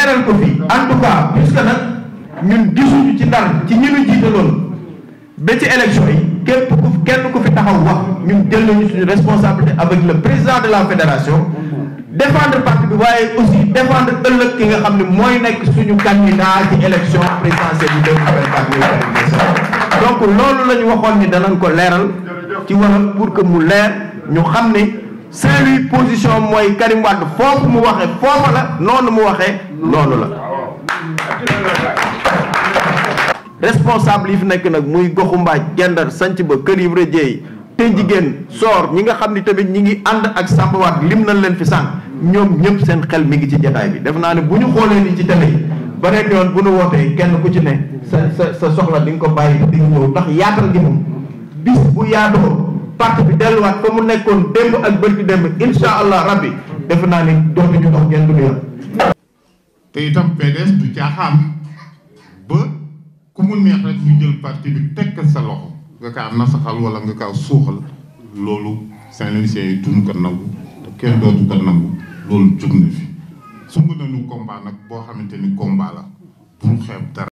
leeral ko fi en tout cas nag ñun gisuñu ci ndar ci ñi ñu jiitaloon ba ci élection yi képp ku kenn ko fi taxaw wax ñun jël nañu suñu responsabilité avec le président de la fédération défendre parti bi waaye aussi défendre ëllëg ki nga xam ne mooy nekk suñu candidat ci élection présidentielle yi 2024 donc loolu la ñu waxoon ni danañ ko leeral ci waral pour que mu leer ñu xam ne Saint-Louis position mooy Karim Wade foofu mu waxee foofa la noonu mu waxee noonu la responsable yi fi nekk nag muy goxu mbaaj gendar sanc ba kër yi Ibra Jeey te jigéen soor ñi nga xam ni tamit ñi ngi ànd ak Samba lim nañ leen fi sànq ñoom ñëpp seen xel mi ngi ci jataay bi def naa ne bu ñu xoolee ni ci télé yi beneen yoon bu ñu wootee kenn ku ci ne sa sa soxla di nga ko bàyyi di nga ñëw ndax yaatal gi moom bis bu yaatoo parti bi delluwaat fa mu nekkoon démb ak bërki démb insha allah rabbi defe naa ni dox ñu dox ngeen du yoon te itam PDS du caaxaan ba ku mu neex rek ñu jël parti bi tekk sa loxo nga kaa nasaxal wala nga kaa suuxal loolu Saint-Louisien yi duñ ko nangu te kenn dootu ko nangu loolu jug na fi su mën nañu combat nag boo xamante ni combat la pour xeeb dara